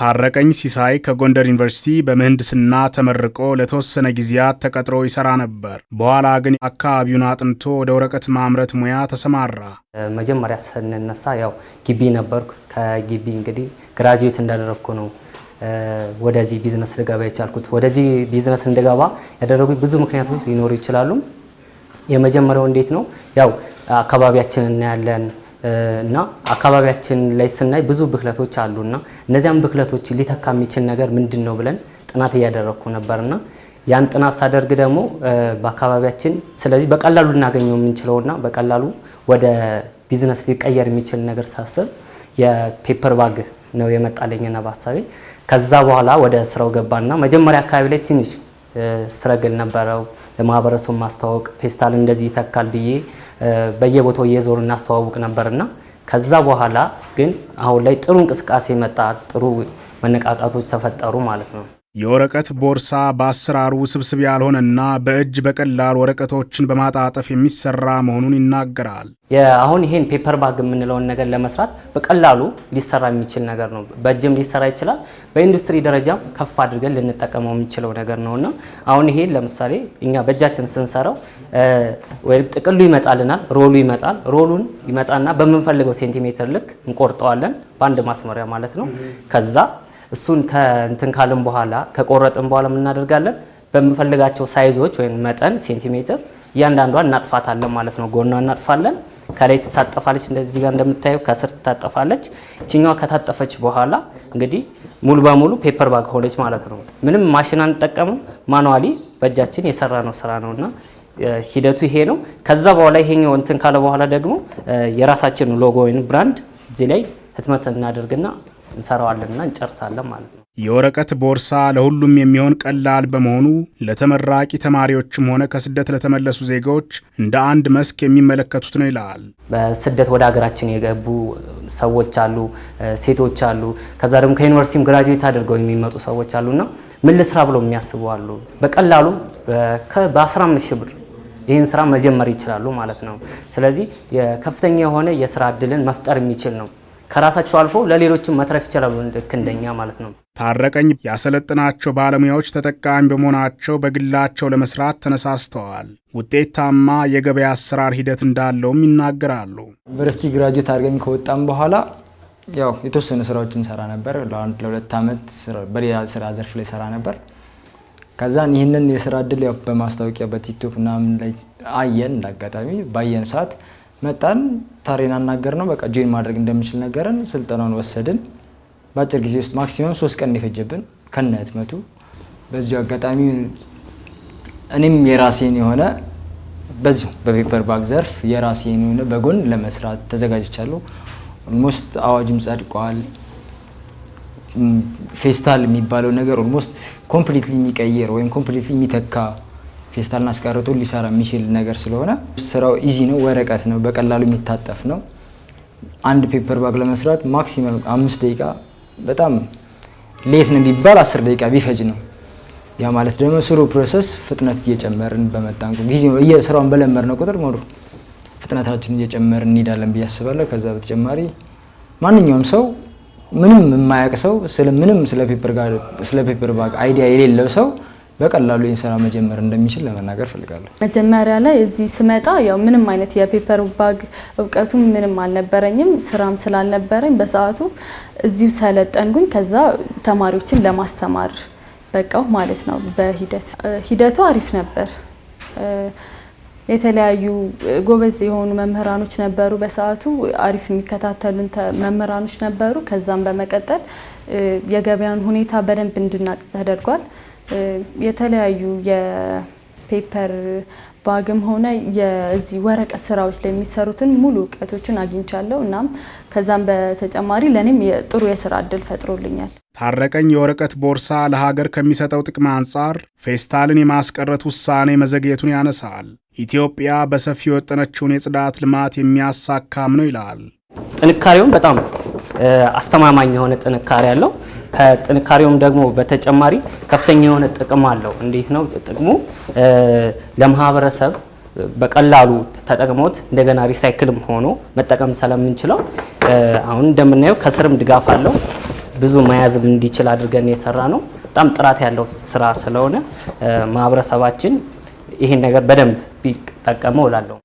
ታረቀኝ ሲሳይ ከጎንደር ዩኒቨርሲቲ በምህንድስና ተመርቆ ለተወሰነ ጊዜያት ተቀጥሮ ይሰራ ነበር። በኋላ ግን አካባቢውን አጥንቶ ወደ ወረቀት ማምረት ሙያ ተሰማራ። መጀመሪያ ስንነሳ ያው ግቢ ነበርኩ። ከግቢ እንግዲህ ግራጁዌት እንዳደረግኩ ነው ወደዚህ ቢዝነስ ልገባ የቻልኩት። ወደዚህ ቢዝነስ እንድገባ ያደረጉኝ ብዙ ምክንያቶች ሊኖሩ ይችላሉ። የመጀመሪያው እንዴት ነው ያው አካባቢያችን እናያለን እና አካባቢያችን ላይ ስናይ ብዙ ብክለቶች አሉና እነዚያን ብክለቶች ሊተካ የሚችል ነገር ምንድን ነው ብለን ጥናት እያደረግኩ ነበርና ያን ጥናት ሳደርግ ደግሞ በአካባቢያችን ስለዚህ በቀላሉ ልናገኘው የምንችለውና በቀላሉ ወደ ቢዝነስ ሊቀየር የሚችል ነገር ሳስብ የፔፐር ባግ ነው የመጣለኝና በሀሳቤ ከዛ በኋላ ወደ ስራው ገባና መጀመሪያ አካባቢ ላይ ትንሽ ስትረግል ነበረው። ለማህበረሰቡ ማስተዋወቅ ፌስታል እንደዚህ ይተካል ብዬ በየቦታው እየዞር እናስተዋውቅ ነበርና ከዛ በኋላ ግን አሁን ላይ ጥሩ እንቅስቃሴ መጣ፣ ጥሩ መነቃቃቶች ተፈጠሩ ማለት ነው። የወረቀት ቦርሳ በአሰራሩ ውስብስብ ያልሆነና በእጅ በቀላል ወረቀቶችን በማጣጠፍ የሚሰራ መሆኑን ይናገራል። አሁን ይሄን ፔፐር ባግ የምንለውን ነገር ለመስራት በቀላሉ ሊሰራ የሚችል ነገር ነው። በእጅም ሊሰራ ይችላል። በኢንዱስትሪ ደረጃም ከፍ አድርገን ልንጠቀመው የሚችለው ነገር ነውና አሁን ይሄን ለምሳሌ እኛ በእጃችን ስንሰራው ወይም ጥቅሉ ይመጣልናል፣ ሮሉ ይመጣል። ሮሉን ይመጣና በምንፈልገው ሴንቲሜትር ልክ እንቆርጠዋለን፣ በአንድ ማስመሪያ ማለት ነው ከዛ እሱን ከእንትን ካልን በኋላ ከቆረጥን በኋላ የምናደርጋለን በምፈልጋቸው ሳይዞች ወይም መጠን ሴንቲሜትር እያንዳንዷን እናጥፋታለን ማለት ነው። ጎኗ እናጥፋለን። ከላይ ትታጠፋለች እንደዚህ ጋር እንደምታየው ከስር ትታጠፋለች። እችኛዋ ከታጠፈች በኋላ እንግዲህ ሙሉ በሙሉ ፔፐር ባግ ሆነች ማለት ነው። ምንም ማሽን አንጠቀምም። ማኑዋሊ በእጃችን የሰራ ነው ስራ ነው እና ሂደቱ ይሄ ነው። ከዛ በኋላ ይሄኛው እንትን ካለ በኋላ ደግሞ የራሳችን ሎጎ ወይም ብራንድ እዚህ ላይ ህትመት እናደርግና እንሰራዋለንና እንጨርሳለን ማለት ነው። የወረቀት ቦርሳ ለሁሉም የሚሆን ቀላል በመሆኑ ለተመራቂ ተማሪዎችም ሆነ ከስደት ለተመለሱ ዜጋዎች እንደ አንድ መስክ የሚመለከቱት ነው ይላል። በስደት ወደ ሀገራችን የገቡ ሰዎች አሉ፣ ሴቶች አሉ። ከዛ ደግሞ ከዩኒቨርሲቲም ግራጁዌት አድርገው የሚመጡ ሰዎች አሉና ምን ልስራ ብሎ የሚያስቡ አሉ። በቀላሉ በ15 ሺህ ብር ይህን ስራ መጀመር ይችላሉ ማለት ነው። ስለዚህ ከፍተኛ የሆነ የስራ እድልን መፍጠር የሚችል ነው። ከራሳቸው አልፎ ለሌሎችም መትረፍ ይችላሉ፣ ልክ እንደኛ ማለት ነው። ታረቀኝ ያሰለጥናቸው ባለሙያዎች ተጠቃሚ በመሆናቸው በግላቸው ለመስራት ተነሳስተዋል። ውጤታማ የገበያ አሰራር ሂደት እንዳለውም ይናገራሉ። ዩኒቨርሲቲ ግራጁዌት አድርገኝ ከወጣም በኋላ ያው የተወሰኑ ስራዎች እንሰራ ነበር። ለአንድ ለሁለት ዓመት በሌላ ስራ ዘርፍ ላይ ሰራ ነበር። ከዛን ይህንን የስራ እድል ያው በማስታወቂያ በቲክቶክ ምናምን ላይ አየን። እንዳጋጣሚ ባየን ሰዓት መጣን ታሬን አናገር ነው በቃ ጆይን ማድረግ እንደምችል ነገርን፣ ስልጠናውን ወሰድን። በአጭር ጊዜ ውስጥ ማክሲመም ሶስት ቀን የፈጀብን ከነ ህትመቱ። በዚሁ አጋጣሚ እኔም የራሴን የሆነ በዚሁ በፔፐር ባግ ዘርፍ የራሴን የሆነ በጎን ለመስራት ተዘጋጅቻለሁ። ኦልሞስት አዋጅም ጸድቋል። ፌስታል የሚባለው ነገር ኦልሞስት ኮምፕሊትሊ የሚቀይር ወይም ኮምፕሊትሊ የሚተካ ፌስታልና አስቀርጦ ሊሰራ የሚችል ነገር ስለሆነ ስራው ኢዚ ነው። ወረቀት ነው፣ በቀላሉ የሚታጠፍ ነው። አንድ ፔፐር ባግ ለመስራት ማክሲመም አምስት ደቂቃ በጣም ሌት ነው ቢባል አስር ደቂቃ ቢፈጅ ነው። ያ ማለት ደግሞ ስሩ ፕሮሰስ ፍጥነት እየጨመርን በመጣን ጊዜ ስራውን በለመድነው ቁጥር ሞዱ ፍጥነታችን እየጨመርን እንሄዳለን ብዬ አስባለሁ። ከዛ በተጨማሪ ማንኛውም ሰው ምንም የማያውቅ ሰው ምንም ስለ ፔፐር ባግ አይዲያ የሌለው ሰው በቀላሉ ይህን ስራ መጀመር እንደሚችል ለመናገር ፈልጋለሁ። መጀመሪያ ላይ እዚህ ስመጣ ያው ምንም አይነት የፔፐር ባግ እውቀቱም ምንም አልነበረኝም። ስራም ስላልነበረኝ በሰዓቱ እዚሁ ሰለጠንኩኝ። ከዛ ተማሪዎችን ለማስተማር በቃው ማለት ነው። በሂደት ሂደቱ አሪፍ ነበር። የተለያዩ ጎበዝ የሆኑ መምህራኖች ነበሩ። በሰዓቱ አሪፍ የሚከታተሉን መምህራኖች ነበሩ። ከዛም በመቀጠል የገበያን ሁኔታ በደንብ እንድናቅ ተደርጓል። የተለያዩ የፔፐር ባግም ሆነ የዚህ ወረቀት ስራዎች ላይ የሚሰሩትን ሙሉ እውቀቶችን አግኝቻለሁ። እናም ከዛም በተጨማሪ ለእኔም ጥሩ የስራ እድል ፈጥሮልኛል። ታረቀኝ የወረቀት ቦርሳ ለሀገር ከሚሰጠው ጥቅም አንጻር ፌስታልን የማስቀረት ውሳኔ መዘግየቱን ያነሳል። ኢትዮጵያ በሰፊ የወጠነችውን የጽዳት ልማት የሚያሳካም ነው ይላል። ጥንካሬውም በጣም አስተማማኝ የሆነ ጥንካሬ አለው። ከጥንካሬውም ደግሞ በተጨማሪ ከፍተኛ የሆነ ጥቅም አለው። እንዴት ነው ጥቅሙ? ለማህበረሰብ በቀላሉ ተጠቅሞት እንደገና ሪሳይክልም ሆኖ መጠቀም ስለምንችለው አሁን እንደምናየው ከስርም ድጋፍ አለው። ብዙ መያዝም እንዲችል አድርገን የሰራ ነው። በጣም ጥራት ያለው ስራ ስለሆነ ማህበረሰባችን ይህን ነገር በደንብ ቢጠቀመው እላለሁ።